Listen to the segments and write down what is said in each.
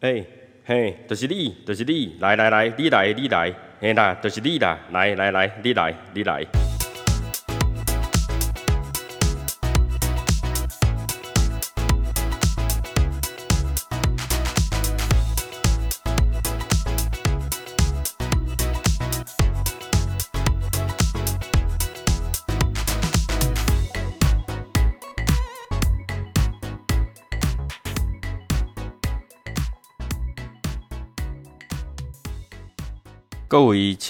哎，嘿，這是你，這是你，來來來，你來，你來，嘿啦，就是你啦，來來來，你來，你來。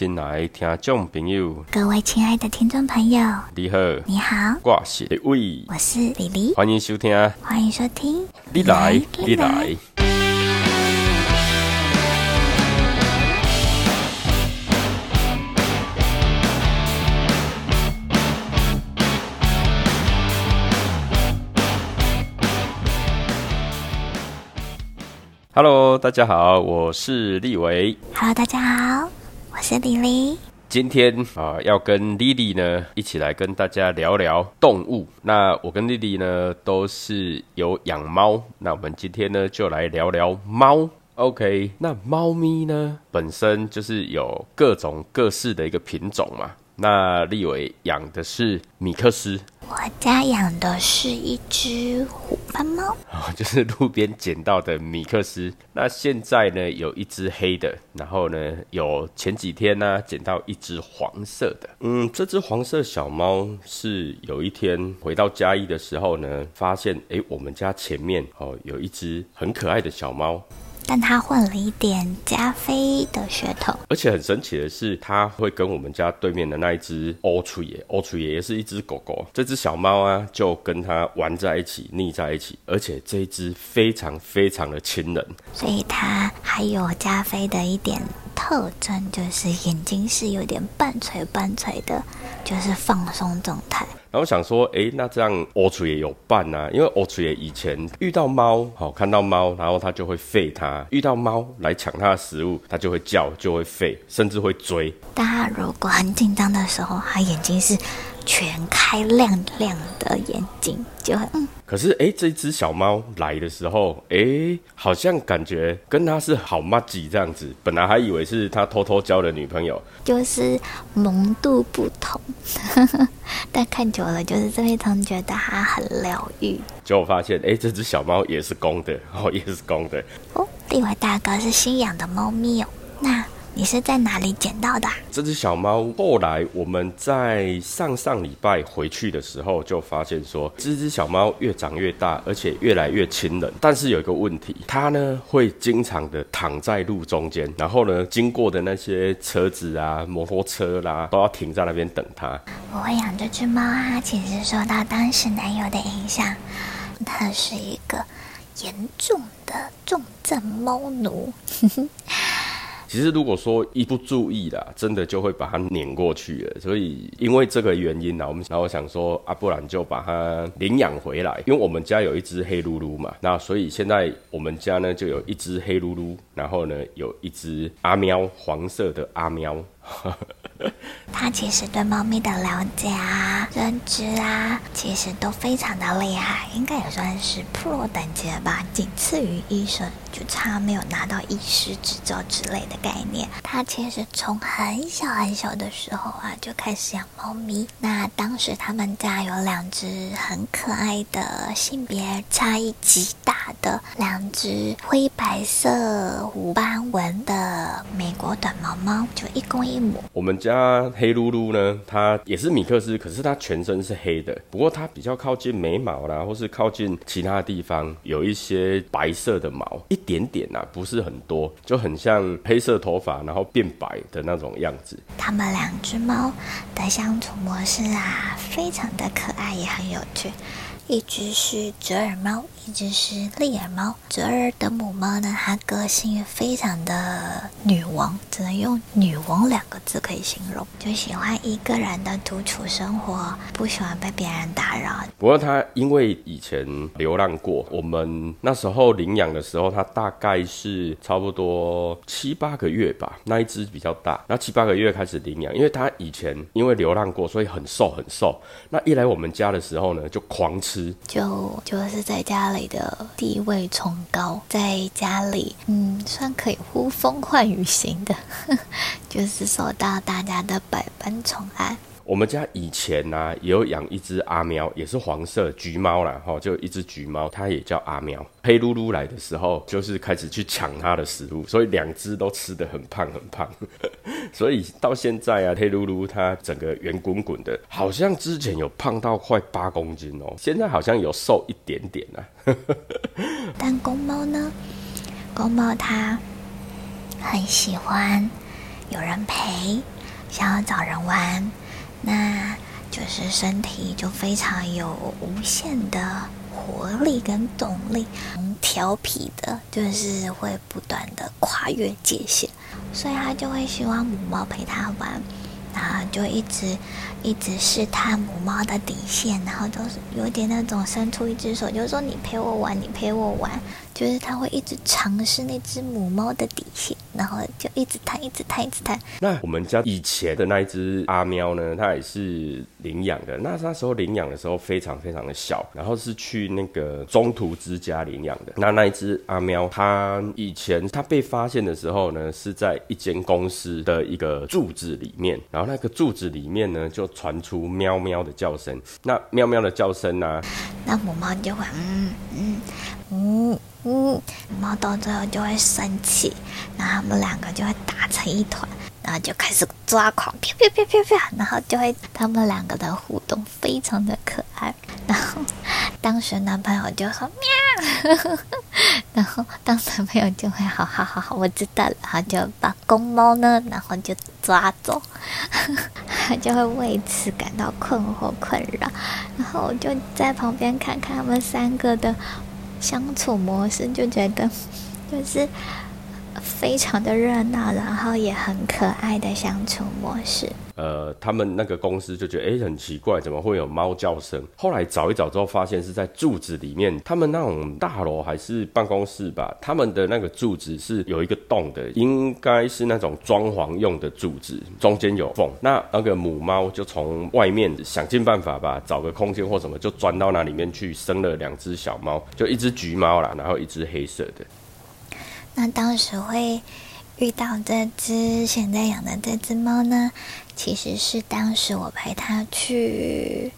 親愛聽眾朋友，各位親愛的聽眾朋友，你好，你好，我是立幃，我是黎黎，歡迎收聽，歡迎收聽，黎來立來 Hello，大家好，我是立幃。Hello，大家好。我是黎黎，今天啊、呃、要跟黎黎呢一起來跟大家聊聊動物。那我跟黎黎呢都是有養貓，那我們今天呢就來聊聊貓。OK，那貓咪呢本身就是有各種各式的一個品種嘛。那立幃養的是米克斯，我家養的是一隻虎斑貓，啊，就是路邊撿到的米克斯。那現在呢，有一隻黑的，然後呢，有前幾天呢，撿到一隻黃色的。嗯，這隻黃色小貓是有一天回到家裡的時候呢，發現，哎，我們家前面哦，有一隻很可愛的小貓。但它混了一點加菲的血統，而且很神奇的是，它會跟我們家對面的那一隻歐楚耶，歐楚耶也是一隻狗狗，這隻小貓啊就跟它玩在一起，膩在一起，而且這一隻非常非常的親人。所以它還有加菲的一點特徵，就是眼睛是有點半垂半垂的，就是放鬆狀態。然後想說，哎，那這樣歐楚也有伴吶、啊？因為歐楚也以前遇到貓，好、哦、看到貓，然後它就會吠它，它遇到貓來搶它的食物，它就會叫，就會吠，甚至會追。大家如果很緊張的時候，它眼睛是，全開亮亮的眼睛，就嗯。可是哎、欸，這隻小貓來的時候，哎、欸，好像感覺跟它是好麻吉這樣子。本來還以為是它偷偷交了女朋友，就是萌度不同。呵呵，但看久了，就是這位同學覺得它很療癒。結果發現，哎、欸，這隻小貓也是公的，哦，也是公的。哦，另外大哥是新養的貓咪哦，那。你是在哪裡撿到的啊？這只小貓，後來我們在上上禮拜回去的時候，就發現說，這只小貓越長越大，而且越來越親人。但是有一個問題，它呢會經常的躺在路中間，然後呢經過的那些車子啊、摩托車啦啊，都要停在那邊等它。我會養這只貓啊，其實受到當時男友的影響，它是一個嚴重的重症貓奴。 其實如果說一不注意啦，真的就會把它輾過去了。所以因為這個原因呢，我們然後想說，啊，阿不然就把它領養回來。因為我們家有一只黑嚕嚕嘛，那所以現在我們家呢就有一只黑嚕嚕，然後呢有一只阿喵，黃色的阿喵。 他其實對貓咪的了解啊、認知啊，其實都非常的厲害，應該也算是 pro 等級了吧，僅次於醫生，就差沒有拿到醫師執照之類的概念。他其實從很小很小的時候啊，就開始養貓咪。那當時他們家有兩隻很可愛的、性別差異極大的兩隻灰白色無斑紋的美國短毛貓，貓，就一公一母。我們那、啊、黑嚕嚕呢，它也是米克斯，可是它全身是黑的，不過它比較靠近眉毛啦，或是靠近其他地方，有一些白色的毛，一點點啦、啊，不是很多，就很像黑色頭髮然後變白的那種樣子。它們兩隻貓的相處模式啊，非常的可愛，也很有趣。一隻是折耳貓。一隻是利耳貓，折耳的母貓呢，它個性非常的女王，只能用女王兩個字可以形容，就喜歡一個人的獨處生活，不喜歡被別人打擾。不過它因為以前流浪過，我們那時候領養的時候，它大概是差不多七八個月吧，那一隻比較大，那七八個月開始領養，因為它以前因為流浪過，所以很瘦很瘦。那一來我們家的時候呢，就狂吃，就就是在家裡。的地位崇高，在家裡，嗯，算可以呼風喚雨型的呵，就是受到大家的百般寵愛。我們家以前呢、啊、也有養一隻阿喵，也是黃色橘貓啦哈，就一隻橘貓，它也叫阿喵。黑嚕嚕來的時候，就是開始去搶它的食物，所以兩隻都吃得很胖很胖。 所以到現在啊，黑嚕嚕它整個圓滾滾的，好像之前有胖到快八公斤哦、喔，現在好像有瘦一點點了、啊。 但公貓呢？公貓它很喜歡有人陪，想要找人玩。那就是身體就非常有無限的活力跟動力，調皮的，就是會不斷的跨越界限，所以他就會希望母貓陪它玩，然後就一直一直試探母貓的底線，然後都是有點那種伸出一只手，就是說你陪我玩，你陪我玩。就是它會一直嘗試那隻母貓的底氣，然後就一直探，一直探，一直探。那我們家以前的那一隻阿喵呢？它也是領養的。那那時候領養的時候非常非常的小，然後是去那個中途之家領養的。那那一隻阿喵，它以前它被發現的時候呢，是在一間公司的一個柱子裡面，然後那個柱子裡面呢，就傳出喵喵的叫聲。那喵喵的叫聲呢、啊？那母貓就會嗯嗯。嗯嗯嗯，貓、嗯、到最後就會生氣，然後他們兩個就會打成一團，然後就開始抓狂，啪啪啪啪啪，然後就會他們兩個的互動非常的可愛。然後當時男朋友就說喵，然後當時男朋友就會好好好好，我知道了，然後就把公貓呢，然後就抓走，他就會為此感到困惑困擾。然後我就在旁邊看看他們三個的。相處模式就覺得，就是。非常的熱鬧，然後也很可愛的相處模式。呃，他們那個公司就覺得，誒、欸，很奇怪，怎麼會有貓叫聲？後來找一找之後，發現是在柱子裡面。他們那種大樓還是辦公室吧，他們的那個柱子是有一個洞的，應該是那種裝潢用的柱子，中間有縫。那那個母貓就從外面想盡辦法吧，找個空間或什麼，就鑽到那裡面去，生了兩隻小貓，就一隻橘貓啦，然後一隻黑色的。那當時會遇到這隻現在養的這隻貓呢？其實是當時我陪它去。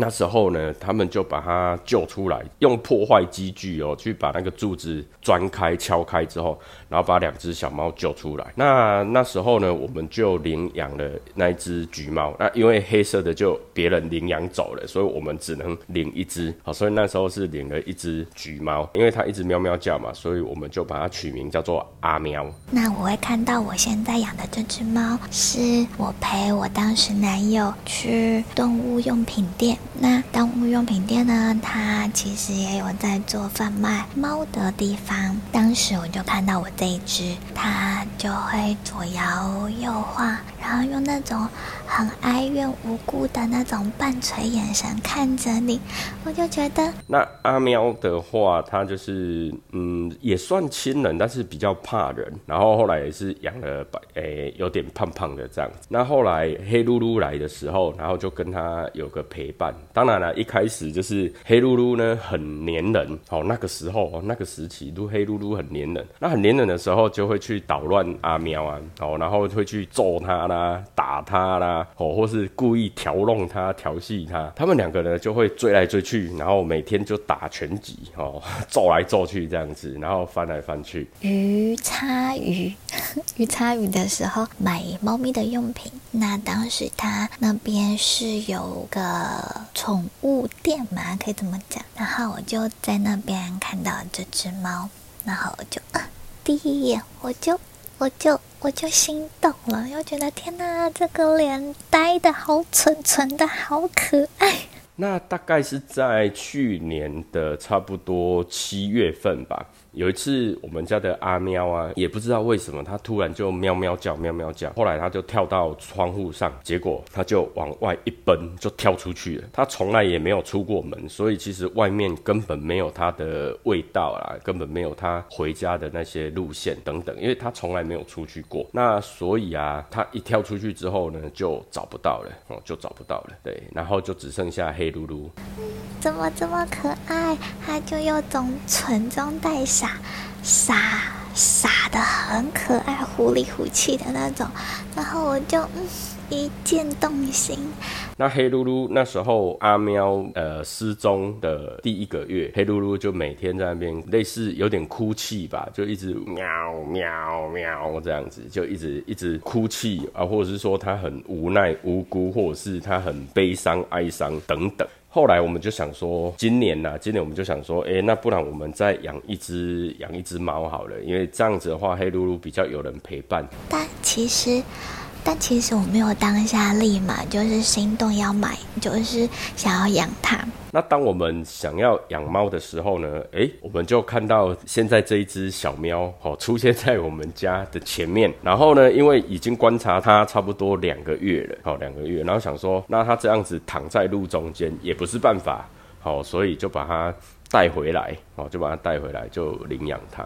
那時候呢，他們就把它救出來，用破壞機具哦，去把那個柱子鑽開、敲開之後，然後把兩隻小貓救出來。那那時候呢，我們就領養了那一隻橘貓。那因為黑色的就別人領養走了，所以我們只能領一隻。好，所以那時候是領了一隻橘貓，因為它一直喵喵叫嘛，所以我們就把它取名叫做阿喵。那我會看到我現在養的這隻貓，是我陪我當時男友去動物用品店。那寵物用品店呢，它其實也有在做販賣貓的地方，當時我就看到我這一隻，它就會左搖右晃，然後用那種很哀怨無辜的那種半垂眼神看着你，我就覺得那阿喵的話，它就是嗯，也算親人，但是比較怕人。然後後來也是養了誒、欸、有點胖胖的這樣子。那後來黑嚕嚕來的時候，然後就跟他有個陪伴。當然了，一開始就是黑嚕嚕呢很黏人，好、哦、那個時候那個時期都黑嚕嚕很黏人。那很黏人的時候就會去搗亂阿喵啊，好、哦、然後會去揍他啦。啊，打他啦，哦，或是故意調弄他、調戲他，他們兩個呢，就會追來追去，然後每天就打拳擊吼，揍來揍去這樣子，然後翻來翻去。魚叉魚，魚叉魚的時候買貓咪的用品，那當時他那邊是有個寵物店嘛，可以怎麼講？然後我就在那邊看到這隻貓，然後我就、啊、第一眼我就。我就我就心動了，又覺得天哪，這個臉呆的好蠢，蠢的好可愛。那大概是在去年的差不多七月份吧。有一次，我們家的阿喵啊，也不知道為什麼，它突然就喵喵叫，喵喵叫。後來，它就跳到窗戶上，結果它就往外一奔，就跳出去了。它從來也沒有出過門，所以其實外面根本沒有它的味道啊，根本沒有它回家的那些路線等等，因為它從來沒有出去過。那所以啊，它一跳出去之後呢，就找不到了，哦、嗯，就找不到了。對，然後就只剩下黑嚕嚕、嗯。怎麼這麼可愛？它就又總蠢中帶傻。傻傻的很可愛，糊里糊塗的那種，然後我就嗯一見動心。那黑嚕嚕那時候阿喵呃失蹤的第一個月，黑嚕嚕就每天在那邊類似有點哭泣吧，就一直喵喵喵這樣子，就一直一直哭泣啊，或者是說他很無奈無辜，或者是他很悲傷哀傷等等。後來我們就想說，今年吶、啊，今年我們就想說，哎、欸，那不然我們再養一隻養一隻貓好了，因為這樣子的話，黑嚕嚕比較有人陪伴。但其實。但其實我沒有當下立馬就是心動要買，就是想要養它。那當我們想要養貓的時候呢，哎、欸，我們就看到現在這一隻小喵哦出現在我們家的前面。然後呢，因為已經觀察它差不多兩個月了，好、哦、兩個月，然後想說，那它這樣子躺在路中間也不是辦法，好、哦，所以就把它帶回來，哦，就把它帶回來，就領養它。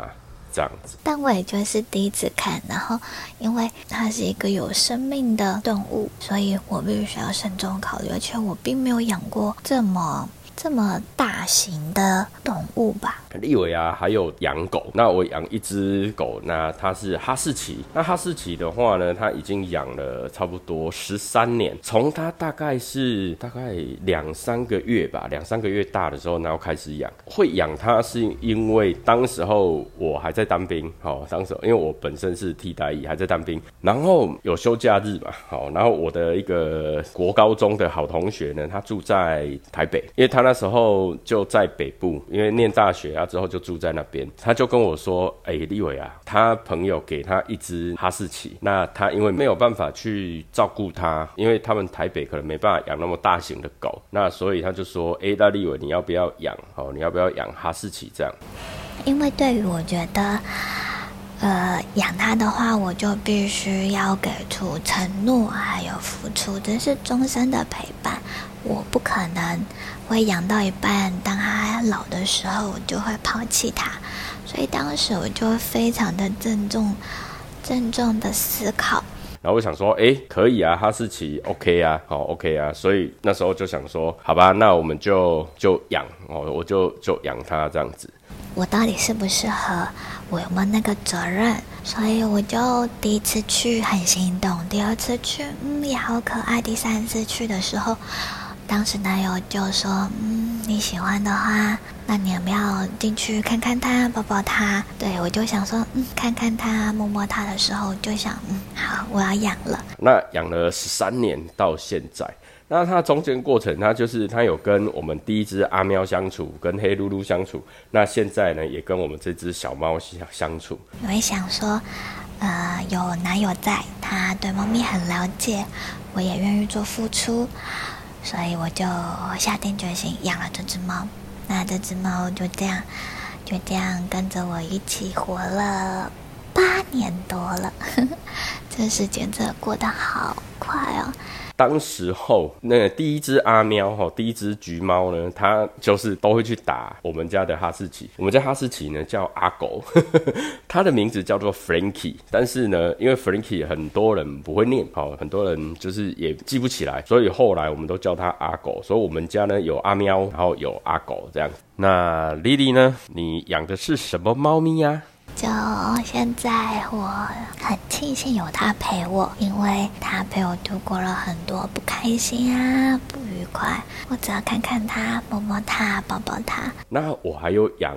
這樣子，但我也就是第一次看，然後因為它是一個有生命的動物，所以我必須要慎重考慮，而且我並沒有養過這麼。這麼大型的動物吧，立幃啊，還有養狗。那我養一只狗，那它是哈士奇。那哈士奇的話呢，它已經養了差不多十三年，從它大概是大概兩三個月吧，兩三個月大的時候，然後開始養。會養它是因為當時候我還在當兵，好、喔，當時候因為我本身是替代役，還在當兵，然後有休假日嘛，好、喔，然後我的一個國高中的好同學呢，他住在台北，因為他。那時候就在北部，因為念大學啊，之後就住在那邊。他就跟我說：“哎、欸，立偉啊，他朋友給他一隻哈士奇，那他因為沒有辦法去照顧它，因為他們台北可能沒辦法養那麼大型的狗，那所以他就說：‘哎、欸，大立幃，你要不要養？哦，你要不要養哈士奇？’這樣，因為對於我覺得，呃，養它的話，我就必須要給出承諾，還有付出，這是終身的陪伴，我不可能。”會養到一半，當他老的時候，我就會拋棄他。所以當時我就非常的鄭重、鄭重的思考。然後我想說，哎、欸，可以啊，哈士奇，OK 啊，好，OK 啊，所以那時候就想說，好吧，那我們就就養哦，我就就養它這樣子。我到底適不適合？我有沒有那個責任？所以我就第一次去很心動，第二次去，嗯，也好可愛。第三次去的時候，當時男友就說：“嗯，你喜歡的話，那你要不要進去看看它，抱抱它？”對，我就想說：“嗯，看看它，摸摸它的時候就想，嗯，好，我要養了。”那養了十三年到現在，那它的中間過程，它就是它有跟我們第一隻阿喵相處，跟黑嚕嚕相處，那現在呢也跟我們這隻小貓相處。我也想說，呃，有男友在，他對貓咪很了解，我也願意做付出。所以我就下定決心養了這只貓，那這只貓就這樣就這樣跟着我一起活了八年多了，呵呵，這時間真的過得好快哦。當時候，那第一隻阿喵、喔、第一隻橘貓呢，它就是都會去打我們家的哈士奇。我們家哈士奇呢叫阿狗， 它的名字叫做 Frankie。但是呢，因為 Frankie 很多人不會念、喔、很多人就是也記不起來，所以後來我們都叫它阿狗。所以我們家呢有阿喵，然後有阿狗這樣子。那黎黎呢，你養的是什麼貓咪呀、啊？就現在，我很慶幸有他陪我，因為他陪我度過了很多不開心啊、不愉快。我只要看看他、摸摸他、抱抱他，那我還有養。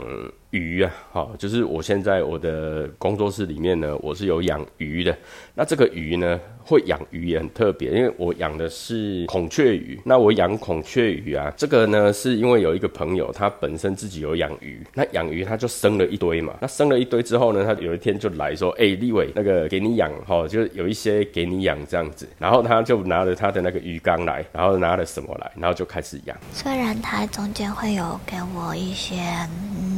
魚啊，好、哦，就是我現在我的工作室裡面呢，我是有養魚的。那這個魚呢，會養魚也很特別，因為我養的是孔雀魚。那我養孔雀魚啊，這個呢，是因為有一個朋友，他本身自己有養魚。那養魚他就生了一堆嘛。那生了一堆之後呢，他有一天就來說：“哎、欸，立幃，那個給你養，哈、哦，就有一些給你養這樣子。”然後他就拿了他的那個魚缸來，然後拿了什麼來，然後就開始養。雖然他中間會有給我一些。嗯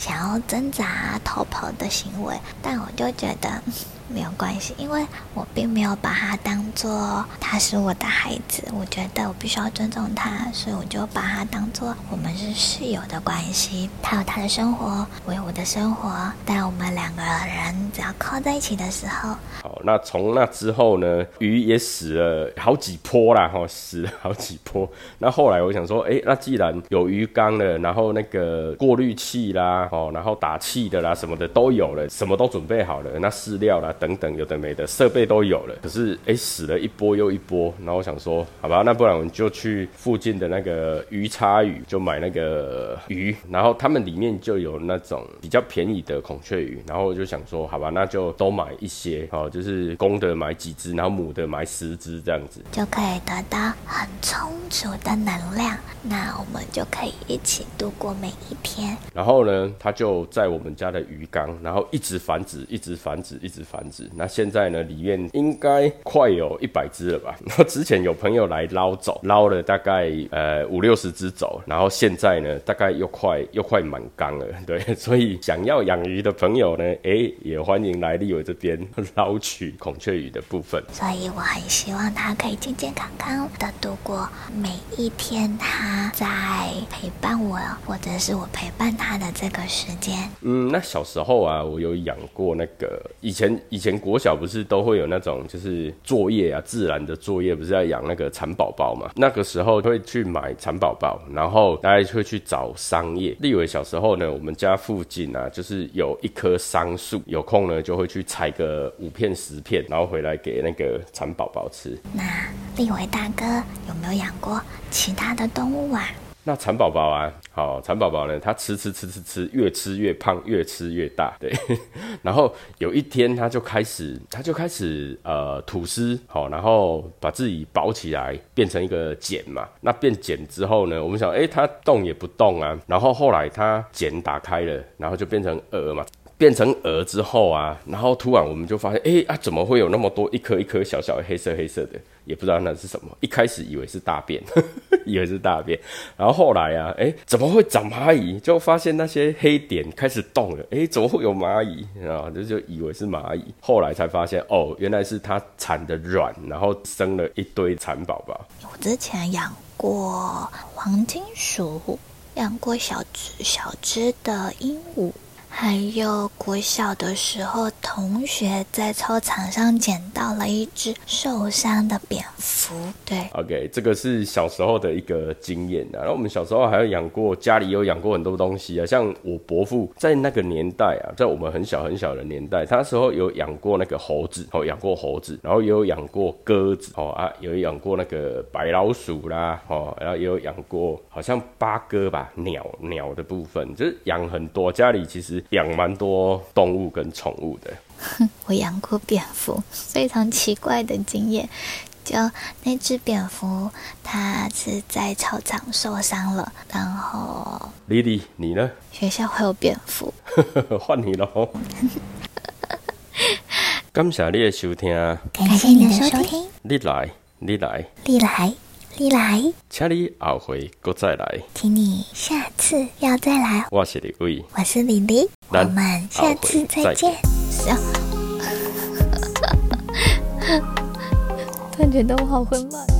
想要掙扎逃跑的行為，但我就覺得。沒有關係，因為我並沒有把他當做他是我的孩子，我覺得我必須要尊重他，所以我就把他當做我們是室友的關係。他有他的生活，我有我的生活，但我們兩個人只要靠在一起的時候。好，那從那之後呢？魚也死了好幾波啦，哈，死了好幾波。那後來我想說，誒，那既然有魚缸了，然後那個過濾器啦，哦，然後打氣的啦什麼的都有了，什麼都準備好了，那飼料啦。等等，有的沒的，設備都有了，可是哎死了一波又一波。然後我想說，好吧，那不然我們就去附近的那個魚叉魚，就買那個魚。然後他們裡面就有那種比較便宜的孔雀魚。然後我就想說，好吧，那就都買一些哦，就是公的買幾隻，然後母的買十隻這樣子，就可以得到很充足的能量。那我們就可以一起度過每一天。然後呢，他就在我們家的魚缸，然後一直繁殖，一直繁殖，一直繁殖。那現在呢，裡面應該快有一百隻了吧？那 之前有朋友來撈走，撈了大概呃五六十隻走，然後現在呢，大概又快又快滿缸了，對，所以想要養魚的朋友呢，哎、欸，也歡迎來立幃這邊撈取孔雀魚的部分。所以我很希望他可以健健康康的度過每一天，他在陪伴我，或者是我陪伴他的這個時間。嗯，那小時候啊，我有養過那個以前以前以前國小不是都會有那種就是作業啊，自然的作業不是要養那個蠶寶寶嘛？那個時候會去買蠶寶寶，然後大家就會去找桑葉。立幃小時候呢，我們家附近啊，就是有一棵桑樹，有空呢就會去採個五片十片，然後回來給那個蠶寶寶吃。那立幃大哥有沒有養過其他的動物啊？那蠶寶寶啊，好、哦，蠶寶寶呢，它吃吃吃吃吃，越吃越胖，越吃越大，對。 然後有一天，它就開始，它就開始呃吐絲，好、哦，然後把自己包起來，變成一個繭嘛。那變繭之後呢，我們想，誒，它動也不動啊。然後後來，它繭打開了，然後就變成蛾嘛。變成蛾之後啊，然後突然我們就發現，哎、欸、啊，怎麼會有那麼多一顆一顆小小的黑色黑色的？也不知道那是什麼。一開始以為是大便，呵呵以為是大便。然後後來啊，哎、欸，怎麼會長螞蟻？就發現那些黑點開始動了，哎、欸，怎麼會有螞蟻？啊，就就以為是螞蟻。後來才發現，哦，原來是它產的卵，然後生了一堆蠶寶寶。我之前養過黃金鼠，養過小只小只的鸚鵡。還有我小的時候，同學在操場上撿到了一只受傷的蝙蝠。對，OK，這個是小時候的一個經驗啊。然後我們小時候還有養過，家裡有養過很多東西啊，像我伯父在那個年代啊，在我們很小很小的年代，他時候有養過那個猴子哦，養過猴子，然後也有養過鴿子哦啊，有養過那個白老鼠啦哦，然後也有養過好像八哥吧，鳥鳥的部分就是養很多，家裡其實。養蠻多動物跟寵物的哼，我養過蝙蝠，非常奇怪的經驗。就那只蝙蝠，它是在操場受傷了，然後。黎黎，你呢？學校會有蝙蝠。換 你嘍咯。 感謝你的收聽。感謝你的收聽。黎來，立來，黎來。你來，請你再你下次要再來。再來哦、我是立幃，我是黎黎，南我們下次再見。再哦、笑，突然覺得我好混亂。